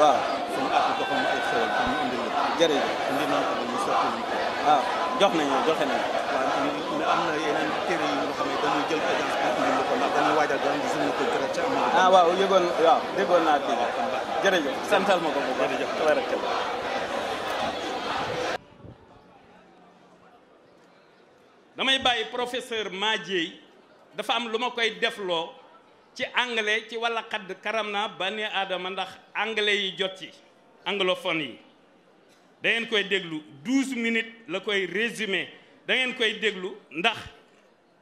waaw suñu àtt doxam na yeneen téere yi nga xam ne dañuy jël damay bàyyi professeur Madieye dafa am lu ma koy defloo ci anglais ci walla xadd karam ba bani aadama ndax anglais yi jot ci anglophone yi da ngeen koy déglu douze minutes la koy résumé da ngeen koy déglu ndax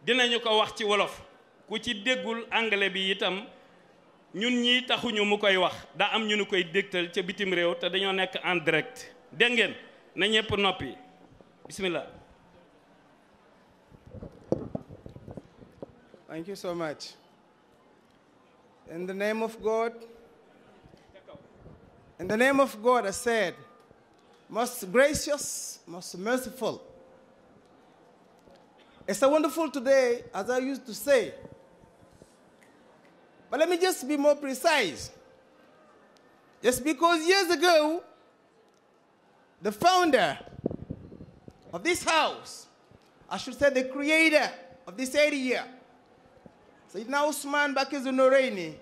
dinañu ko wax ci wolof ku ci déggul anglais bi itam ñun ñii taxuñu mu koy wax daa am ñu nu koy dégtal ca bitim réew te dañoo nekk en direct dégg na ñëpp noppi bismillah Thank you so much. In the name of God, in the name of God, I said, most gracious, most merciful. It's a wonderful today, as I used to say. But let me just be more precise. Just because years ago, the founder of this house, I should say the creator of this area, Sayyidina Usman Bakir Zunuraini,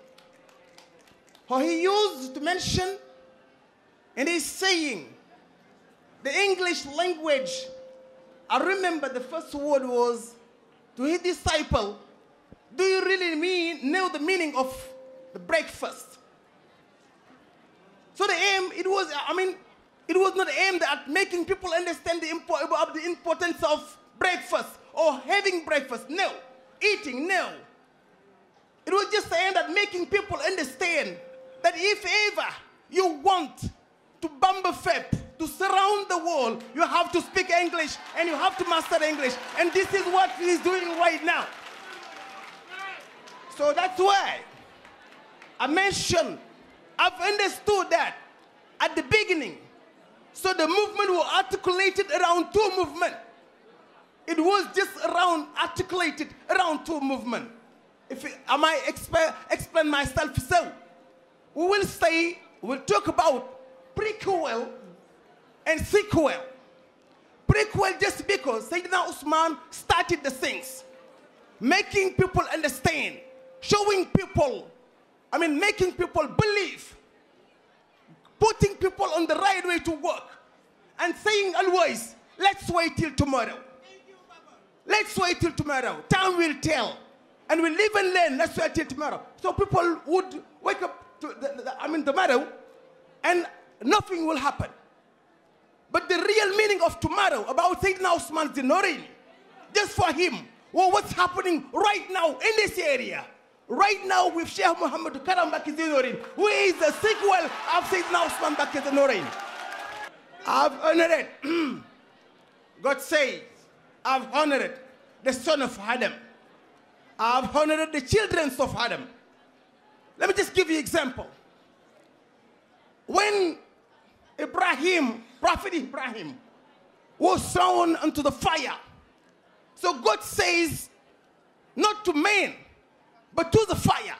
how he used to mention and he's saying, the English language, I remember the first word was to his disciple, do you really mean, know the meaning of the breakfast? So the aim, it was, I mean, it was not aimed at making people understand the, impo- the importance of breakfast or having breakfast. No. Eating, no. It was just saying that making people understand that if ever you want to bumble fap, to surround the world, you have to speak English and you have to master English. And this is what he's doing right now. So that's why I mentioned, I've understood that at the beginning. So the movement was articulated around two movements. It was just around articulated around two movements. If it, am I exp explain myself so? We will say, we'll talk about prequel and sequel. Prequel just because Sayyidina Usman started the things, making people understand, showing people, I mean, making people believe, putting people on the right way to work, and saying always, let's wait till tomorrow. Let's wait till tomorrow. Time will tell. And we live and learn. That's why I teach tomorrow. So people would wake up to, the, the, I mean, tomorrow, and nothing will happen. But the real meaning of tomorrow about Sayyidina Usman Zinorin, just for him, well, what's happening right now in this area, right now with Sheikh Muhammad Karam Bakizinorin, who is the sequel of Sayyidina Usman Bakizinorin. I've honored, God says, I've honored the son of Adam. I've honored the children of Adam. Let me just give you example. When Ibrahim, Prophet Ibrahim, was thrown into the fire, so God says, not to men, but to the fire.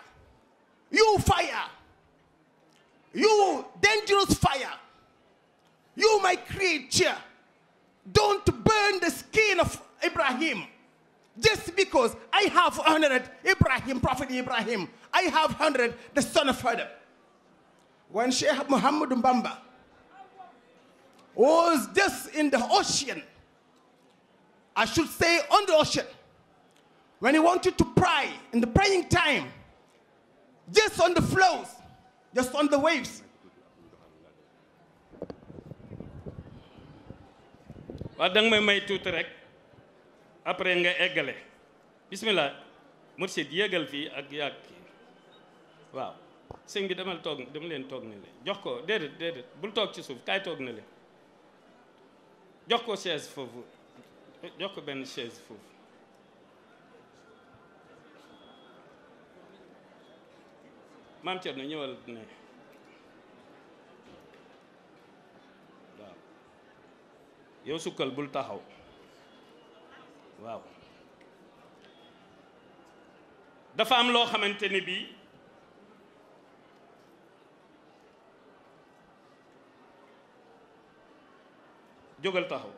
You fire, you dangerous fire, you my creature, don't burn the skin of Ibrahim. Just because I have 100 Ibrahim, Prophet Ibrahim, I have 100, the son of Adam. When Sheikh Muhammad Mbamba was just in the ocean, I should say on the ocean, when he wanted to pray in the praying time, just on the flows, just on the waves. Wadang may may après nga eggale bismillah mursid yéegal fii ak yàgg kii waaw sëñ bi demal toog dama leen toog ne le jox ko déedéet déedéet bul toog ci suuf kaay toog ne le jox ko chaise foofu jox ko benn chaise foofu maam na ñëwal ne waaw yow sukkal bul taxaw waaw dafa am loo xamante ni bii jógal taxaw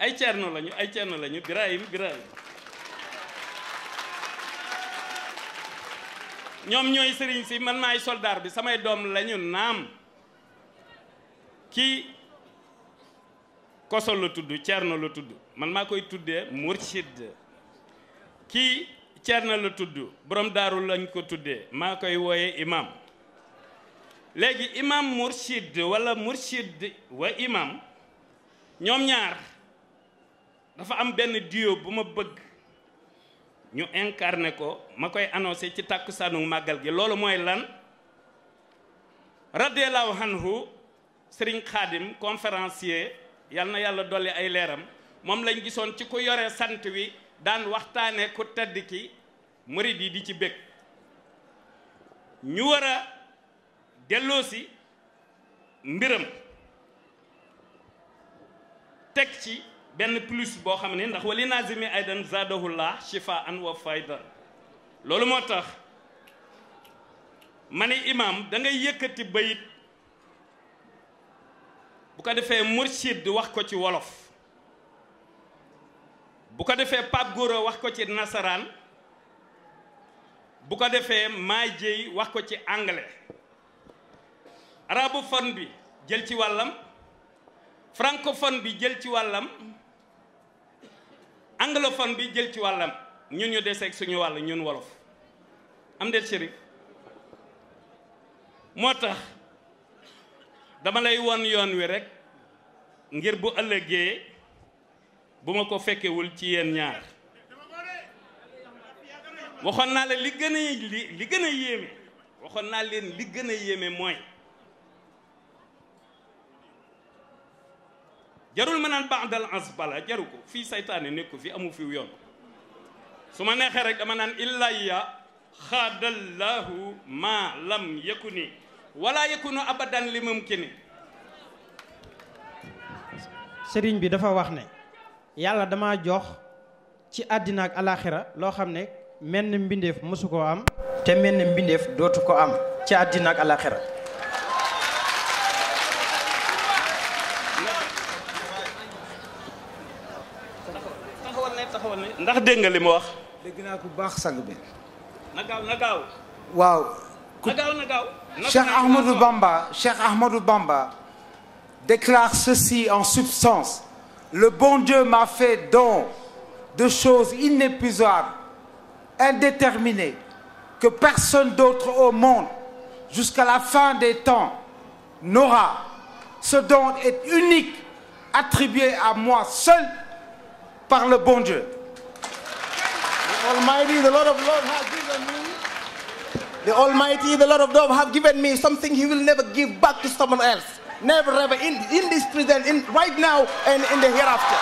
ay ceerno lañu ay ceerno lañu Birahim Birahim ñoom ñooy sëriñ si man maay soldaar bi samay doom lañu naam kii koso la tudd cerno la tudd man maa koy tuddee mursid kii Ceerno la tudd boroom daaru lañ ko tuddee maa koy wooye imaam léegi imam mursid wala mursid wa imam ñoom ñaar dafa am benn duo bu ma bëgg ñu incarné ko ma koy annoncé ci tàkkusaanu màggal gi loolu mooy lan radiallahu anhu sëriñ xaadim conférencier yal na yàlla dolli ay leeram moom lañ gisoon ci ku yore sant wi daan waxtaanee ku tedd ki murid yi di ci bég ñu war a delloosi mbiram teg ci benn plus boo xam ne ndax wali nazimi aydan zadahullah shifa an wa fayda loolu moo tax ma ne imaam da ngay yëkkati bayit bu ko defee mursid wax ko ci wolof bu ko defee Pape Gora wax ko ci nasaraan bu ko defee Maay Jéy wax ko ci anglais arabophone bi jël ci wàllam francophone bi jël ci wàllam anglophone bi jël ci wàllam ñun ñu deseeg suñu wàll ñun wolof am del Chérif moo tax dama lay won yoon wi rekk ngir bu ëllëgee buma ko fekke wul ci yéen ñaar waxon na la li gën li li yéme waxon na waxoon leen li gën yéme moy jarul ma naan ba'dal asbala jaruko fi fii neeku fi amu fi yoon suma nexé rek dama nan illa ya khadallahu ma lam yakuni wala yakunu abadan limumkini serigne bi dafa wax ne Yalla dama jox ci adina ak alaxira lo xam menn am te menn mbindef dotu ko am ci adina ak ndax nga wax ku na na waaw na Bamba Cheikh Ahmadou Bamba déclare ceci en substance le bon Dieu m'a fait don de choses inépuisables, indéterminées, que personne d'autre au monde, jusqu'à la fin des temps, n'aura. Ce don est unique, attribué à moi seul par le bon Dieu. The Almighty, the Lord of have given me something He will never give back to someone else. never ever in, in this present, in right now and in the hereafter.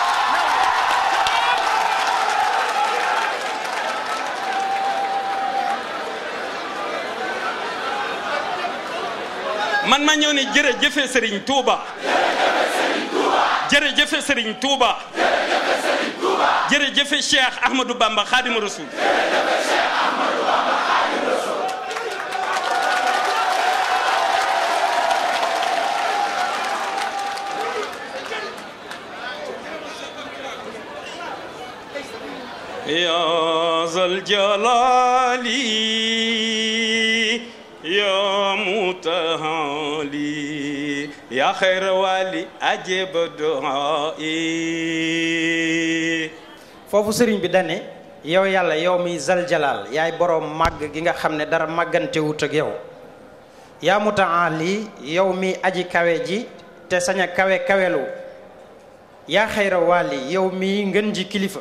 man man, yoni jere jefe Serigne Touba. jefe Serigne Touba. jefe Serigne Touba. Cheikh Ahmadou Bamba Khadimou Rassoul. Cheikh Ahmadou. foofu sëriñ bi dane yow yàlla yow mi zal jalaal yaay boroom màgg gi nga xam ne dara màggante wut ak yow yaa yow mi aji kawe ji te sañ kawe kawelu yaa xayra yow mi ngën ji kilifa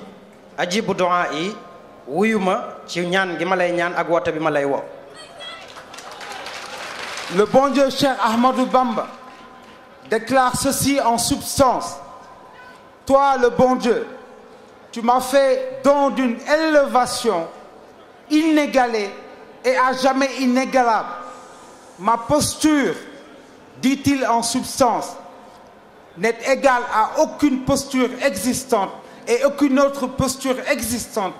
le bon Dieu cher Ahmadou Bamba déclare ceci en substance toi le bon Dieu tu m'as fait don d'une élévation inégalée et à jamais inégalable ma posture dit-il en substance n'est égale à aucune posture existante et aucune autre posture existante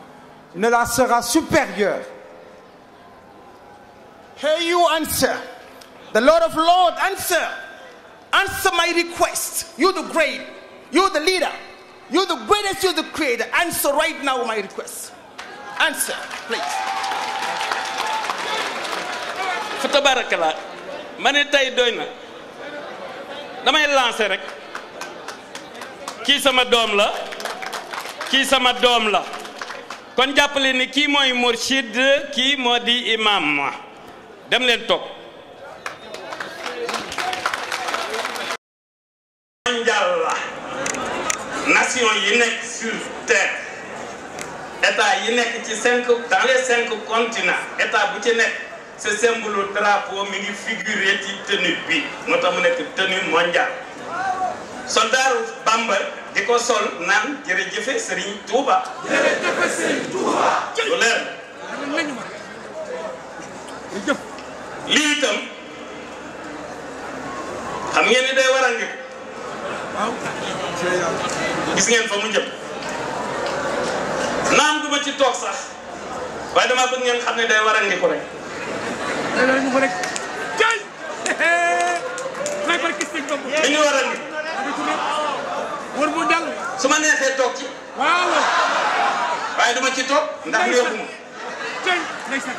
ne la sera supérieure. Hey you answer. The Lord of Lords, answer. Answer my request. You the great. You the leader. You the greatest. You the creator. Answer right now my request. Answer, please. fa tabarakallah ma tay doyna. damay lancer rek sama la kii sama doom la kon jàppale ni kii mooy mursid kii moo di imam dem leen toog mondial yi nekk yi nekk ci cinq dans les cinq continents état bu ci nekk sa symbole drapeau mi ngi figuré ci tenue bi moo tax mu nekk tenue mondial soldaaru Bamba diko sol nan jere jeffe serigne Touba. jere jeffe serigne Touba. lu leer. li tam xam ngeen ni day waral ngi gis ngeen fa mu jëm nan du ma ci tok sax way dama bëgg ngeen xam ne day waral ngi ko rek. Ini orang ini wër bu dal su ma wow, toog ci waaw waaye duma ci toog ndax neexuma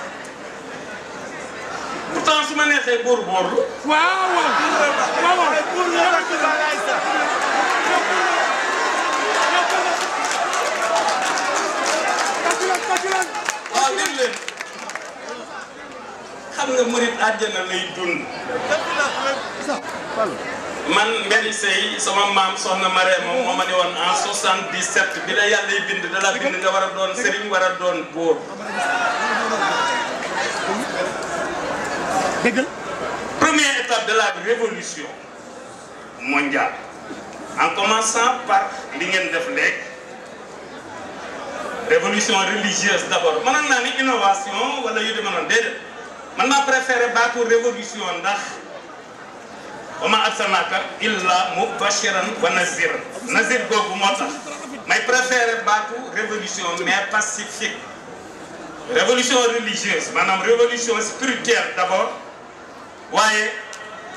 pourtant su wow, neexee buur boorlu waaw waaw waaw dégg leen xam nga murit àjjana lay dund man Mbéri sey sama mam sohna mare mo mo ma won en 77 bi la yàlla yi bind da la bind nga wara don doon wara don a deugul premier étape de la révolution mondiale en commençant par li ngeen def lek révolution religieuse d'abord abord mënoon naa ni innovation wala yu demee noonu man maa préféré baatu révolution ndax. wa ma arsalnaaka illa mubashiran wa naziran nazir googu moo Je may préféré la révolution mais pacifique révolution religieuse madame. révolution spirituelle d'abord waaye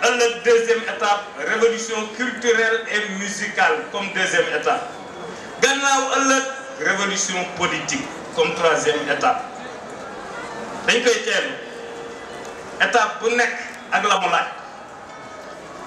ëllëg deuxième étape révolution culturelle et musicale comme deuxième étape gannaaw ëllëg révolution politique comme troisième étape dañ koy teel étape bu nekk ak la mu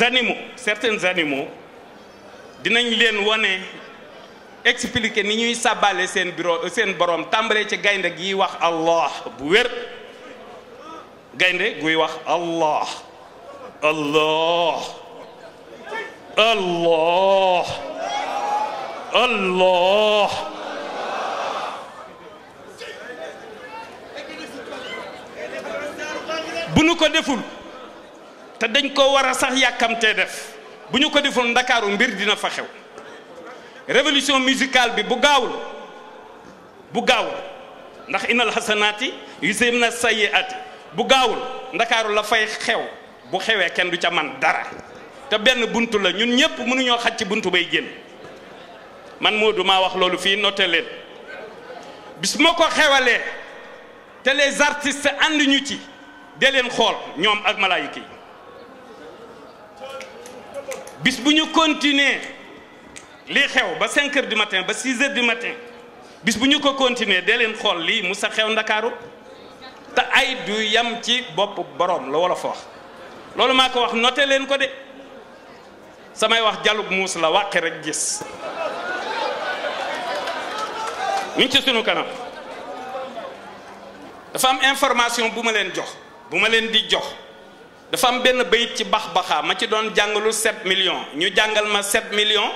animaux certain animaux dinañ leen woné expliquer ni ñuy sabalé sen bureau sen borom tambalé ci gaynde gi wax allah bu gaine gaynde guy wax allah allah allah allah bu ko deful te dañ ko war a sax yàkkamtee def bu ñu ko deful ndakaaru mbir dina fa xew révolution musicale bi bu gaawul bu gaawul ndax inal xasanaati yuzhibna ati bu gaawul ndakaaru la fay xew bu xewee kenn du ca man dara te benn bunt la ñun ñëpp mënuñoo xaj ci buntu bay génn man Modou maa wax loolu fii noté leen bis ma ko xewalee te les artistes ñu ci de leen xool ñoom ak malaayika yi bis bu ñu continuer lii xew ba 5 heures du matin ba 6 heures du matin bis bu ñu ko continuer dee leen xool lii mu sa xew ndakaaru te ay du yam ci bopp boroom la wolof wax loolu maa ko wax noté leen ko de samay wax jalub muus la wàqe rek gis ñu ci sunu kanam dafa am information bu ma leen jox bu ma leen di jox La femme ben bayit ci bax baxaa ma ci 7 millions ñu jangal ma 7 millions.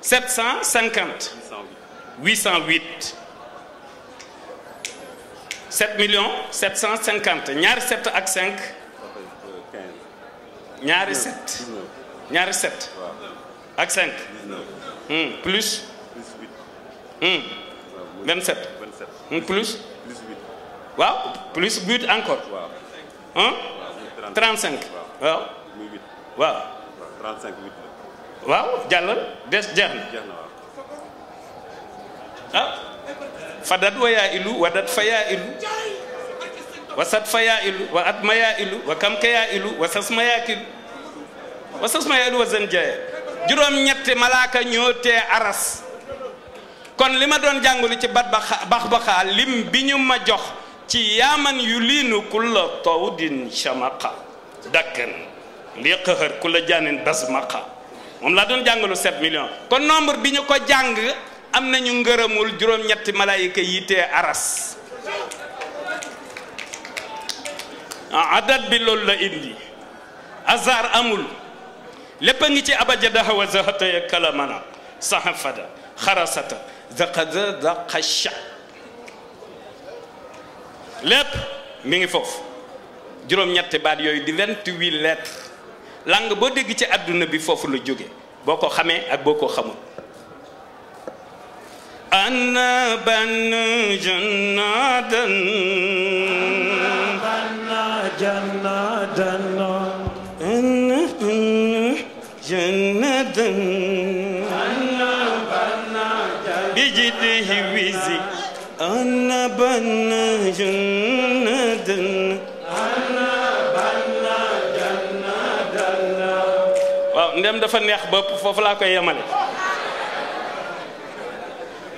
750 750. 808 7 millions 750 ñaari 7 ak 5. ñaari 7 ñaari 7. ak 5. Hmm, plus. 27. Hmm, 27 hmm, plus. plus 8 waaw plus 8 encore. waaw. Hein? 35 waaw. muy waaw. waaw jàllal des jeex na. jeex na waaw. wa yaa ilu wadat fa yaa ilu. wasat fa yaa ilu wa at ma yaa ilu wa kam ka yaa ilu wa sas ma yaa kilu wa sas ma yaa ilu wa zën jaaya juróom-ñetti malaaka ñoo tee aras kon li ma doon jàngulu ci bat ba bax ba lim bi ñu ma jox. ci yaaman yu liinu kulla tawdin shamaqa dakkan lii xëxër kulla jaanin basmaqa moom laa doon jàngalu 7 millions kon nombre bi ñu ko jàng am nañu ngërëmul juróom-ñetti malaayika yitee aras adat bi loolu la indi azar amul lépp a ngi ci abajadaha wa zahataya kalamana sahafada xarasata zaqada zaqasha Lep, mi ngi foofu juróom-ñetti baat yooyu di lettres langue boo dégg ci àdduna bi foofu la jóge boo ko xamee ak boo ko xamul ana ban jannadan jannatan ndem dafa neex bopp foofu laa koy yemale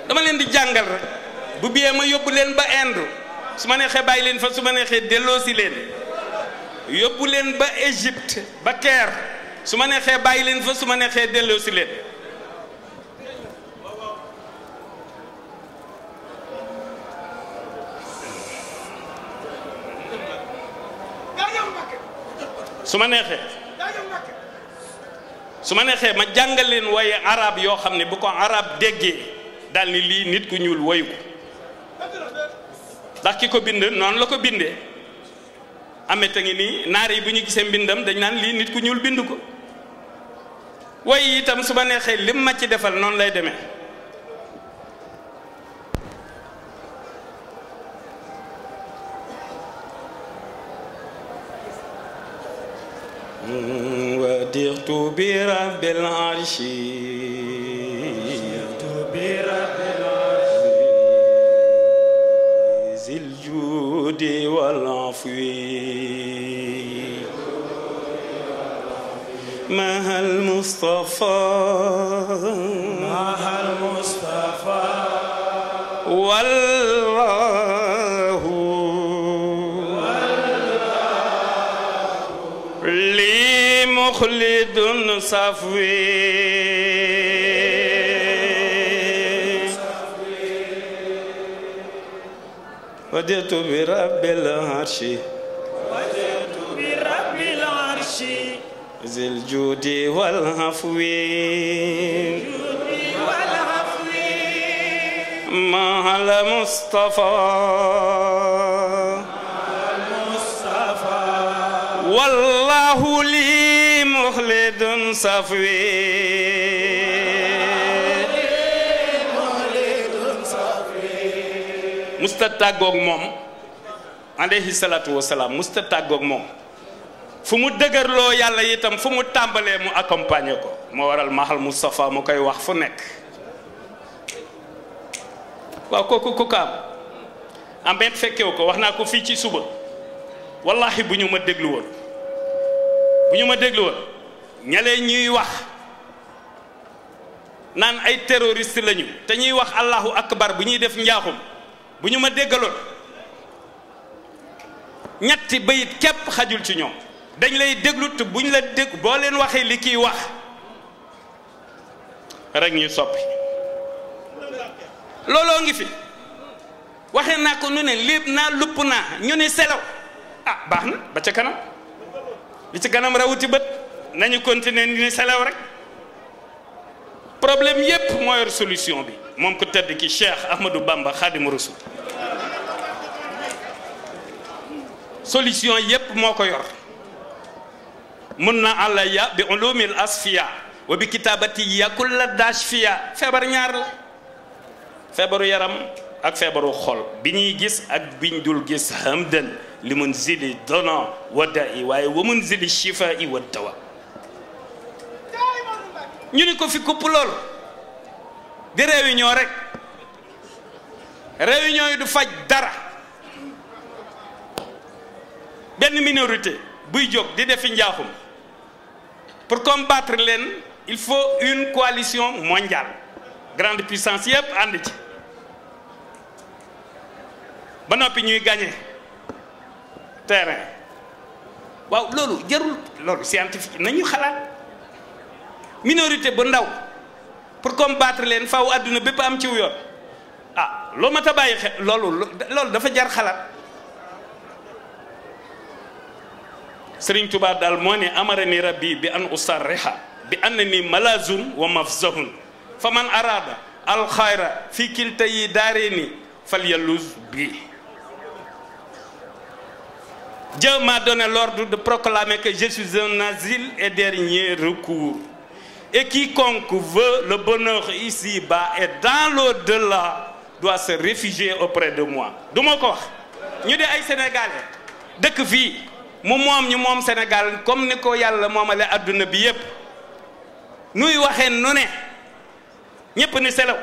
dama leen di jàngal rek bu biyee ma yóbbu leen ba Inde su ma neexee bàyyi leen fa su ma neexee delloosi leen yóbbu leen ba Égypte ba Caire su ma neexee bàyyi leen fa su ma neexee delloosi leen su ma neexee su ma neexee ma jàngal leen waaye arab yoo xam ne bu ko arab déggee daal ni lii nit ku ñuul woyu ko ndax ki ko bind noonu la ko bindee amet a ngi nii naar yi bu ñu gisee mbindam dañ naan lii nit ku ñuul bind ko waaye itam su ma neexee lim ma ci defal noonu lay demee برب العرش برب العرش ذي الجود والعفو مها المصطفى مها المصطفى والله والله لمخلد صفوي وددت برب العرش وددت برب العرش ذي الجود والعفو مع المصطفى مع المصطفى والله مولد صفوي musta tàggoog moom alayhi salaatu wasalaam musta tàggoog moom fu mu dëgërloo yàlla itam fu mu tàmbalee mu accompagner ko moo waral mahal Moustapha mu koy wax fu nekk waaw kooku ko am amet fekkewu ko wax naa ko fii ci suba wallahi bu ñu ma déglu woon bu ñu ma déglu woon ñale ñuy wax naan ay terorist lañu te ñuy wax allahu akbar bu ñuy def njaaxum bu ñu ma déggaloon ñetti bayit képp xajul ci ñoom dañ lay déglut te buñ la dégg boo leen waxee li kiy wax rek ñuy soppi looloo ngi fi waxee naa ko nu ne lépp naa lupp naa ñu ne selaw ah baax na ba ca kanam li ci kanam rawuti bët nañu continuer ni salaw rek problème yépp moo yor solution bi mom ko tedd ki Cheikh Ahmadou Bamba Xaadimu rasoul solution yépp moo ko yor mun na ya bi ulumil asfiya wa bi kitaabati ya kulla dashfiya feebar ñaar la yaram ak feebaru xol bi gis ak biñ dul gis hamdan li zili dona wa da'i waye wa zili shifa wa dawa ñu ni ko fi kupp lool di réunion rek réunion yi du faj dara benn minorité buy jóg di defi njaaxum pour combattre leen il faut une coalition mondiale grande puissance yépp ànd ci ba noppi ñuy gagné terrain waaw loolu jarul loolu scientifique nañu xalaat minorité bu pour combattre les enfants àdduna bepp am ci yoon ah lo mata baye bàyyi xel loolu loolu dafa jar xalaat serigne touba dal moo amara ni rabbi bi an usarriha bi annani ni malazun wa mafzahun faman arada al fi bi Dieu m'a donné l'ordre de proclamer que je suis un asile et dernier recours et quiconque veut le bonheur ici-bas et dans l'au-delà doit se réfugier auprès de moi. de mon corps. wax ñu sénégalais Sénégal comme ni ko nous sommes nous bi yépp nuy nous sommes ne ni selaw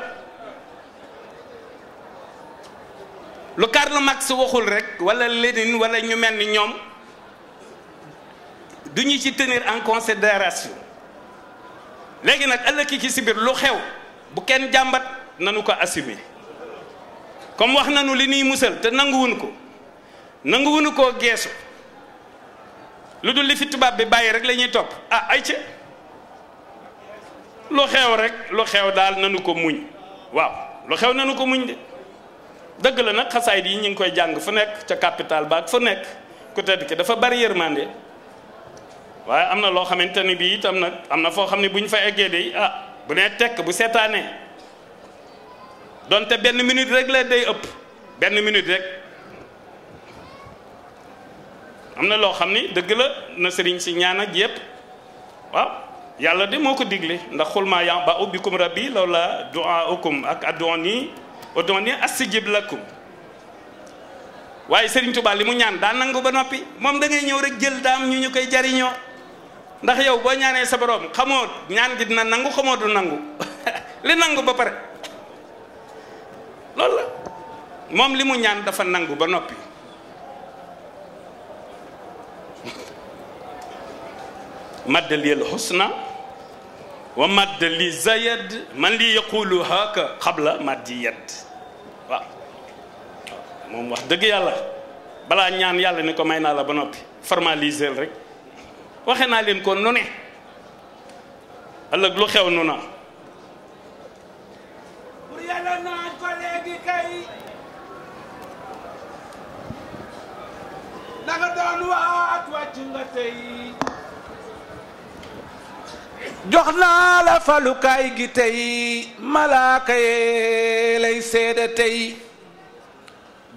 Le Karl Marx waxul rek wala nous wala tenir en considération léegi nag ëllëg ki si biir lu xew bu kenn jàmbat nanu ko assumer comme wax nanu li nuy musal te nanguwun ko nanguwunu koo geesu lu dul li fi tubaab bi bàyyi rek la ñuy topp ah ay ca lu xew rek lu xew daal nanu ko muñ waaw lu xew nanu ko muñ de dëgg la nag xasaayid yi ñu ngi koy jàng fu nekk ca capital ba ak fu nekk ku tedd ki dafa bari yërmande waaye am na loo xamante ni bii itam nag am na foo xam ne bu ñu fa eggee day ah bu nee tekk bu seetaanee donte benn minute rek la day ëpp benn minute rek am na loo xam ne dëgg la na sëriñ si ñaan ak yépp yàlla de moo ko digle ndax xul maa ba ubbi ubbikum rabbi law la duaukum ak adoni adoni la lakum waaye sëriñ Tuubaa li mu ñaan daa nangu ba noppi moom da ngay ñëw rek jël daam ñu ñu koy jariñoo ndax yow bo ñaané sa borom xamoo ñaan gi dina nangu xamoo du nangu li nangu ba paré loolu la moom mu ñaan dafa nangu ba nopi مد لي الحسنى ومد لي زيد من لي يقول هاك قبل مد يد wax deug yalla bala ñaan yalla ni ko mayna la ba nopi formaliser rek waxe naa leen ko nu ne ëllëg lu xew nu na pour yàlla naan ko léegi kay la nga doon waat wàcc nga tey jox naa la falukaay gi tey malaaka yee lay seede tey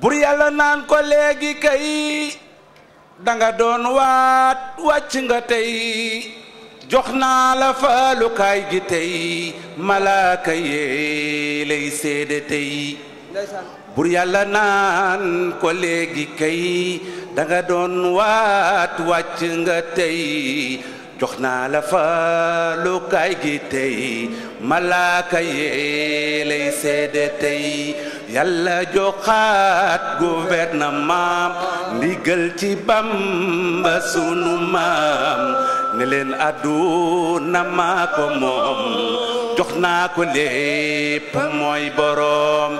bur yàlla naan ko léegi kay danga doon waat wàcc nga tey jox naa la faalukaay gi tey malaaka yee lay seede tey bur yàlla naan ko léegi kay danga doon waat wàcc nga tey jox naa la faalukaay gi tey malaaka yee lay seede tey yàlla joxaat gouvernement ndigal ci Bamba sunu maam ne leen àdduna maa ko moom jox naa ko lépp mooy boroom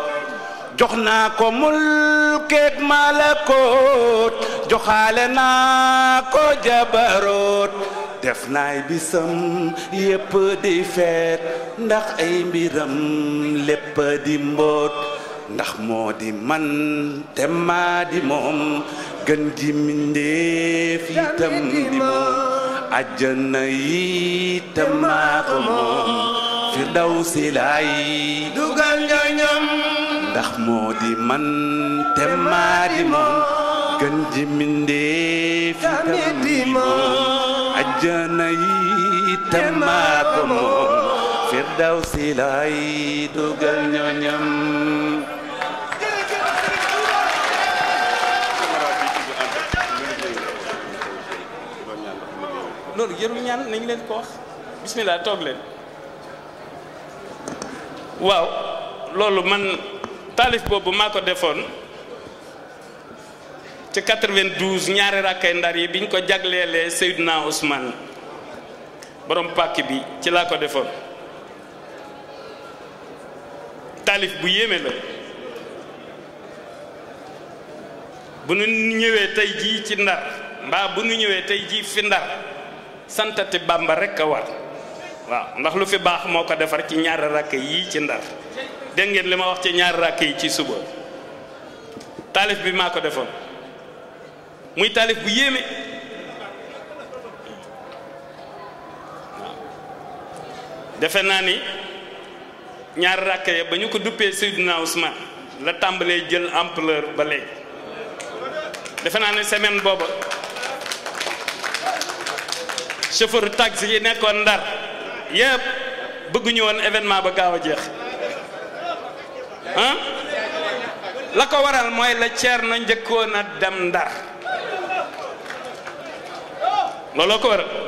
jox naa ko mulkeek malakoot joxaale naa ko jabaroot def naay bisam yépp di feet ndax ay mbiram lépp di mboot ndax moo di man te maa di moom gën gi mbindéef itam di moom àjjana yi te ko moom firdawsi laay dugal ñoñam ndax moo di loolu yërul ñaan nañ leen ko bismillah toog leen waaw loolu man taalif boobu maa ko defoon ci 92 ñaari rakkay ndar yi biñ ko jagleelee Seydina Ousmane borom pàkk bi ci laa ko defoon taalif bu yéeme la bu nu ñëwee tey jii ci ndar mbaa bu nu ñëwee tey jii fi ndar santati Bàmba rek a war waaw ndax lu fi baax moo ko defar ci ñaari rakk yi ci ndar dégg ngeen li ma wax ci ñaari rakk yi ci suba taalif bi maa ko defoon muy taalif bu yéeme defe naa ni ñaari rakk ya ba ñu ko duppee Seydina Ousmane la tàmbalee jël ampleur ba léegi defe naa ni semaine booba chauffeur taxi yi nekkoon ndar yépp bëgguñu woon événement ba gaaw a jeex ah la ko waral mooy la ceer na njëkkoon a dem ndar looloo ko waral